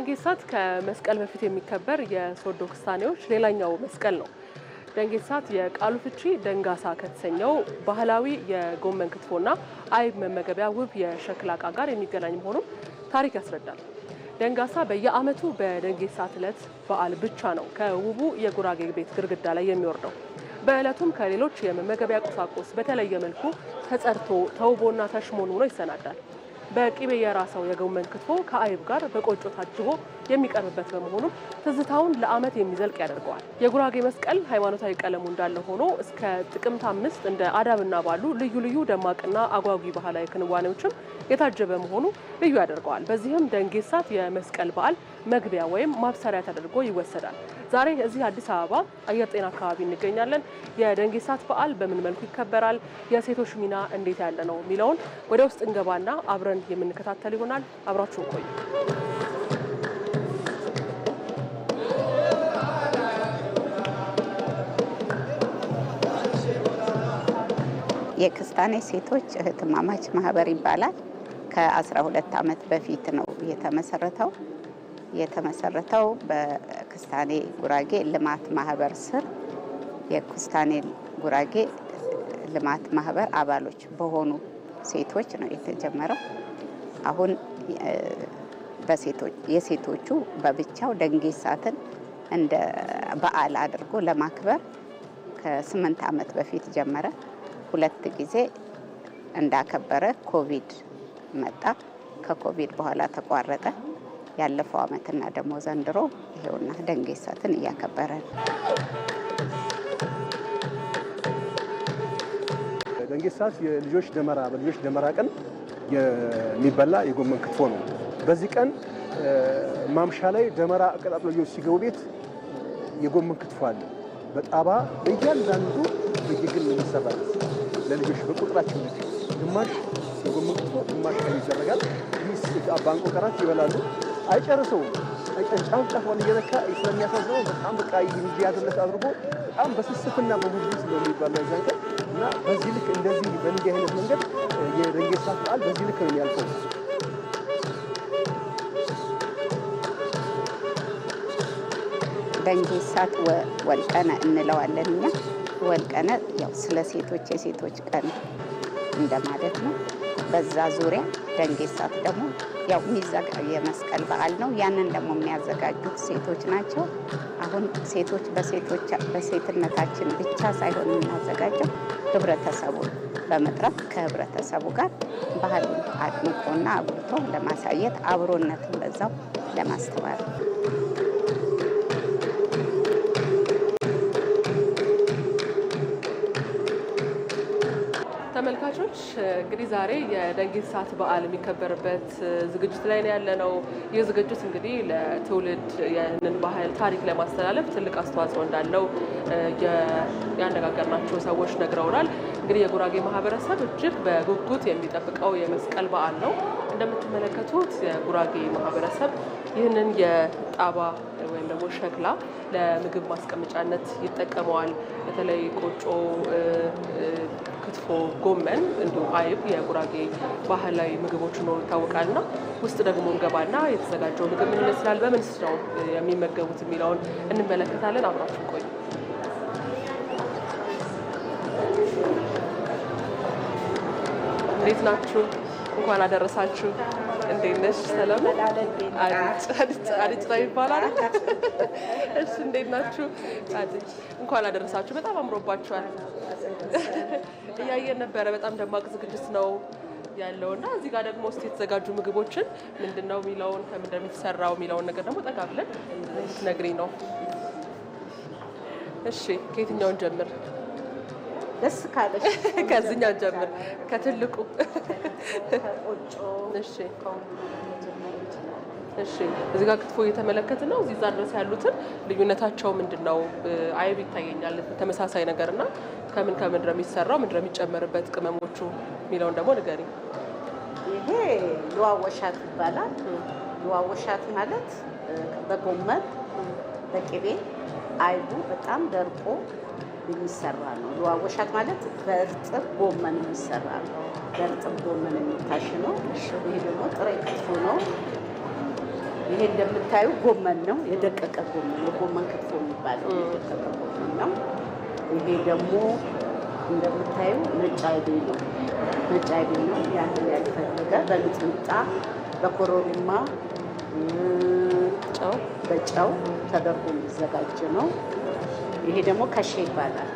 ደንጌሳት ከመስቀል በፊት የሚከበር የሶዶ ክሳኔዎች ሌላኛው መስቀል ነው። ደንጌሳት የቃሉ ፍቺ ደንጋሳ ከተሰኘው ባህላዊ የጎመን ክትፎና አይብ መመገቢያ ውብ የሸክላ እቃ ጋር የሚገናኝ መሆኑን ታሪክ ያስረዳል። ደንጋሳ በየዓመቱ በደንጌሳት ዕለት በዓል ብቻ ነው ከውቡ የጉራጌ ቤት ግድግዳ ላይ የሚወርደው። በዕለቱም ከሌሎች የመመገቢያ ቁሳቁስ በተለየ መልኩ ተጸድቶ ተውቦና ተሽሞን ሆኖ ይሰናዳል። በቂቤ የራሰው የጎመን ክትፎ ከአይብ ጋር በቆጮ ታጅቦ የሚቀርብበት በመሆኑ ትዝታውን ለዓመት የሚዘልቅ ያደርገዋል። የጉራጌ መስቀል ሃይማኖታዊ ቀለሙ እንዳለ ሆኖ እስከ ጥቅምት አምስት እንደ አዳብና ባሉ ልዩ ልዩ ደማቅና አጓጊ ባህላዊ ክንዋኔዎችም የታጀበ መሆኑ ልዩ ያደርገዋል። በዚህም ደንጌሳት የመስቀል በዓል መግቢያ ወይም ማብሰሪያ ተደርጎ ይወሰዳል። ዛሬ እዚህ አዲስ አበባ አየር ጤና አካባቢ እንገኛለን። የደንጌሳት በዓል በምን መልኩ ይከበራል? የሴቶች ሚና እንዴት ያለ ነው የሚለውን ወደ ውስጥ እንገባና አብረን የምንከታተል ይሆናል። አብራችሁን ቆዩ። የክስታኔ ሴቶች እህትማማች ማህበር ይባላል። ከ12 ዓመት በፊት ነው የተመሰረተው። የተመሰረተው በክስታኔ ጉራጌ ልማት ማህበር ስር የክስታኔ ጉራጌ ልማት ማህበር አባሎች በሆኑ ሴቶች ነው የተጀመረው። አሁን የሴቶቹ በብቻው ደንጌሳትን እንደ በዓል አድርጎ ለማክበር ከስምንት ዓመት በፊት ጀመረ። ሁለት ጊዜ እንዳከበረ ኮቪድ መጣ። ከኮቪድ በኋላ ተቋረጠ። ያለፈው አመትና ደግሞ ዘንድሮ ይሄውና ደንጌሳትን እያከበረ ነው። ደንጌሳት የልጆች ደመራ በልጆች ደመራ ቀን የሚበላ የጎመን ክትፎ ነው። በዚህ ቀን ማምሻ ላይ ደመራ አቀጣጥሎ ልጆች ሲገቡ ቤት የጎመን ክትፎ አለ በጣባ በእያንዳንዱ በየግል የሚሰራ ለልጆች በቁጥራቸው ጊዜ ግማሽ ጉምቁ ግማሽ ቀን ይደረጋል። ባንቆ ከራት ይበላሉ። አይጨርሰውም። ጫፍ ጫፏን እየነካ ስለሚያሳዝነው በጣም በቃ እንዲያዝለት አድርጎ በጣም በስስትና በቡድስ ነው የሚባል ቀን እና በዚህ ልክ እንደዚህ በእንዲህ አይነት መንገድ የደንጌሳ በዓል በዚህ ልክ ነው የሚያልፈው። ደንጌሳት ወልቀነ እንለዋለን እኛ ወልቀነ ያው ስለ ሴቶች የሴቶች ቀን እንደማለት ነው። በዛ ዙሪያ ደንጌሳት ደግሞ ያው የመስቀል በዓል ነው። ያንን ደግሞ የሚያዘጋጁት ሴቶች ናቸው። አሁን ሴቶች በሴትነታችን ብቻ ሳይሆን የምናዘጋጀው ህብረተሰቡ በመጥራት ከህብረተሰቡ ጋር ባህሉን አድንቆና አጉልቶ ለማሳየት አብሮነትን በዛው ለማስተማር ተመልካቾች እንግዲህ ዛሬ የደንግሳት በዓል የሚከበርበት ዝግጅት ላይ ነው ነው። ይህ ዝግጅት እንግዲህ ለትውልድ ይህንን ባህል ታሪክ ለማስተላለፍ ትልቅ አስተዋጽኦ እንዳለው ያነጋገርናቸው ሰዎች ነግረውናል። እንግዲህ የጉራጌ ማህበረሰብ እጅግ በጉጉት የሚጠብቀው የመስቀል በዓል ነው። እንደምትመለከቱት የጉራጌ ማህበረሰብ ይህንን የጣባ ወይም ደግሞ ሸክላ ለምግብ ማስቀመጫነት ይጠቀመዋል። በተለይ ቆጮ ክትፎ፣ ጎመን እንዲሁም አይብ የጉራጌ ባህላዊ ምግቦች እንደሆኑ ይታወቃል። ና ውስጥ ደግሞ እንገባና የተዘጋጀው ምግብ ምን ይመስላል፣ በምንስ ነው የሚመገቡት የሚለውን እንመለከታለን። አብራችሁ ቆዩ። እንዴት ናችሁ? እንኳን አደረሳችሁ። እንዴት ነሽ? አድጭ ላይ ይባላል። እሺ፣ እንዴት ናችሁ? እንኳን አደረሳችሁ። በጣም አምሮባችኋል። እያየን ነበረ። በጣም ደማቅ ዝግጅት ነው ያለው እና እዚህ ጋር ደግሞ ውስጥ የተዘጋጁ ምግቦችን ምንድን ነው የሚለውን ከምን እንደሚሰራው የሚለውን ነገር ደግሞ ጠጋ ብለን ነግሪ ነው። እሺ ከየትኛውን ጀምር? ደስ ካለሽ ከዚህኛው ጀምር፣ ከትልቁ እሺ እዚህ ጋር ክትፎ እየተመለከት ነው። እዚህ ዛ ድረስ ያሉትን ልዩነታቸው ምንድን ነው? አይብ ይታየኛል ተመሳሳይ ነገር እና ከምን ከምን ነው የሚሰራው? ነው የሚጨመርበት? ቅመሞቹ የሚለውን ደግሞ ንገሪ። ይሄ ልዋወሻት ይባላል። ልዋወሻት ማለት በጎመን በቅቤ አይቡ በጣም ደርቆ የሚሰራ ነው። ልዋወሻት ማለት በእርጥብ ጎመን የሚሰራ ነው። በእርጥብ ጎመን የሚታሽ ነው። ይሄ ደግሞ ጥሬ ክትፎ ነው። ይሄ እንደምታዩ ጎመን ነው፣ የደቀቀ ጎመን፣ የጎመን ክትፎ የሚባለው የደቀቀ ጎመን ነው። ይሄ ደግሞ እንደምታዩ ነጭ አይቤ ነው። ነጭ አይቤ ነው። ያንን ያልፈለገ በሚጥምጣ በኮረሪማ ጨው በጨው ተደርጎ የሚዘጋጅ ነው። ይሄ ደግሞ ከሼ ይባላል።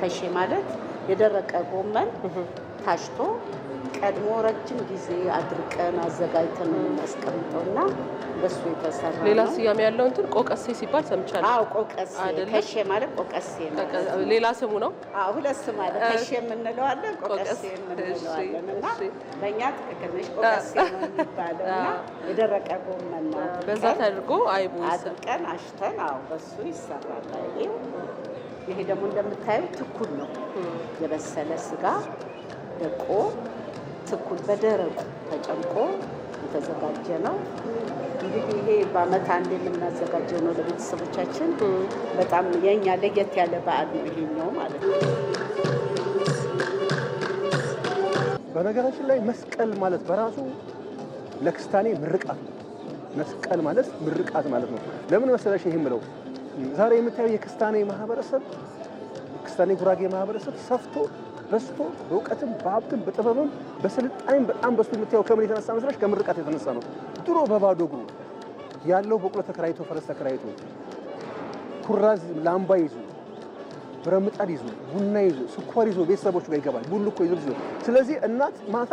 ከሼ ማለት የደረቀ ጎመን ታሽቶ ቀድሞ ረጅም ጊዜ አድርቀን አዘጋጅተን ነው የምናስቀምጠው እና በሱ የተሰራ ሌላ ስያሜ ያለው እንትን ቆቀሴ ሲባል ሰምቻለሁ። አዎ ቆቀሴ ከሼ ማለት ቆቀሴ ነው። ሌላ ስሙ ነው። አዎ ሁለት ስም አለ። ከሼ የምንለዋለን፣ ቆቀሴ የምንለዋለን። እና በእኛ ትክክል ነሽ። ቆቀሴ ነው የሚባለው እና የደረቀ ጎመን ነው። በዛ ተደርጎ አይቡ አድርቀን አሽተን፣ አዎ በሱ ይሰራል። ይሄ ደግሞ እንደምታየው ትኩል ነው የበሰለ ስጋ ደቆ ትኩል በደረቁ ተጨምቆ የተዘጋጀ ነው። እንግዲህ ይሄ በአመት አንድ የምናዘጋጀው ነው ለቤተሰቦቻችን። በጣም የኛ ለየት ያለ በዓል ነው ይሄኛው ማለት ነው። በነገራችን ላይ መስቀል ማለት በራሱ ለክስታኔ ምርቃት ነው። መስቀል ማለት ምርቃት ማለት ነው። ለምን መሰለሽ ይህ የምለው ዛሬ የምታየው የክስታኔ ማህበረሰብ ክስታኔ ጉራጌ ማህበረሰብ ሰፍቶ በስቶ በእውቀትም በሀብትም በጥበብም በስልጣኔም በጣም በሱ የምታየው ከምን የተነሳ መስራች ከምርቃት የተነሳ ነው። ድሮ በባዶ እግሩ ያለው በቅሎ ተከራይቶ ፈረስ ተከራይቶ ኩራዝ ላምባ ይዞ ብረምጣድ ይዞ ቡና ይዞ ስኳር ይዞ ቤተሰቦቹ ጋር ይገባል። ቡልኮ ይዞ ይዞ ስለዚህ እናት ማታ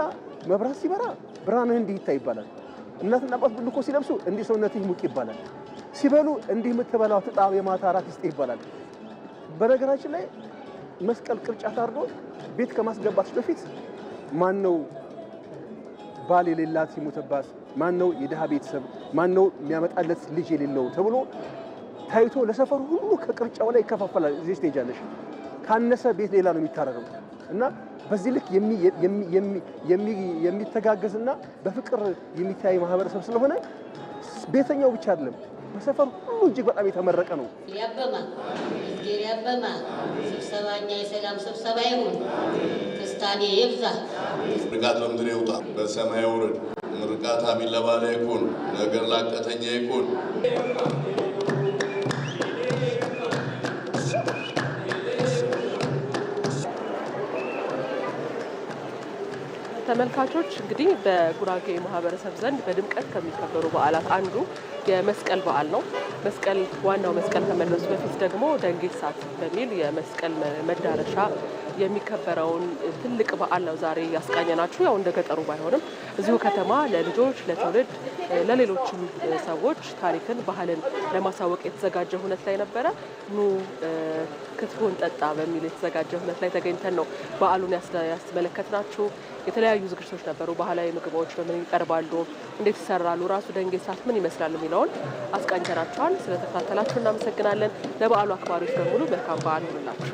መብራት ሲበራ ብርሃንህ እንዲህ ይታይ ይባላል። እናትና አባት ቡልኮ ሲለብሱ እንዲህ ሰውነትህ ሙቅ ይባላል። ሲበሉ እንዲህ የምትበላው ትጣብ የማታ አራት ይስጥ ይባላል። በነገራችን ላይ መስቀል ቅርጫት አድርጎ ቤት ከማስገባት በፊት ማን ነው ባል የሌላት የሞተባት፣ ማን ነው የድሃ ቤተሰብ፣ ማን ነው የሚያመጣለት ልጅ የሌለው ተብሎ ታይቶ ለሰፈሩ ሁሉ ከቅርጫው ላይ ይከፋፈላል። እዚህ ስቴጅ አለሽ ካነሰ ቤት ሌላ ነው የሚታረረው እና በዚህ ልክ የሚተጋገዝና በፍቅር የሚታይ ማህበረሰብ ስለሆነ ቤተኛው ብቻ አይደለም በሰፈሩ ሁሉ እጅግ በጣም የተመረቀ ነው። ያበማ እግዜር ያበማ ስብሰባኛ የሰላም ስብሰባ ይሁን። ክስታኔ ይብዛ። ምርቃት በምድር ይውጣ፣ በሰማይ ውረድ። ምርቃት አሚን ለባለ ይኩን፣ ነገር ላቀተኛ ይኩን። ተመልካቾች እንግዲህ በጉራጌ ማህበረሰብ ዘንድ በድምቀት ከሚከበሩ በዓላት አንዱ የመስቀል በዓል ነው። መስቀል ዋናው መስቀል ከመድረሱ በፊት ደግሞ ደንጌሳት በሚል የመስቀል መዳረሻ የሚከበረውን ትልቅ በዓል ነው ዛሬ ናችሁ። ያው እንደ ገጠሩ ባይሆንም እዚሁ ከተማ ለልጆች ለትውልድ፣ ለሌሎችም ሰዎች ታሪክን፣ ባህልን ለማሳወቅ የተዘጋጀ ሁነት ላይ ነበረ። ኑ ክትፎን ጠጣ በሚል የተዘጋጀ ሁነት ላይ ተገኝተን ነው በዓሉን ናችሁ? የተለያዩ ዝግጅቶች ነበሩ። ባህላዊ ምግቦች በምን ይቀርባሉ፣ እንዴት ይሰራሉ፣ ራሱ ደንጌሳት ምን ይመስላል የሚለው ዜናውን አስቃኝተናችኋል። ስለተከታተላችሁ እናመሰግናለን። ለበዓሉ አክባሪዎች በሙሉ መልካም በዓል ይሁንላችሁ።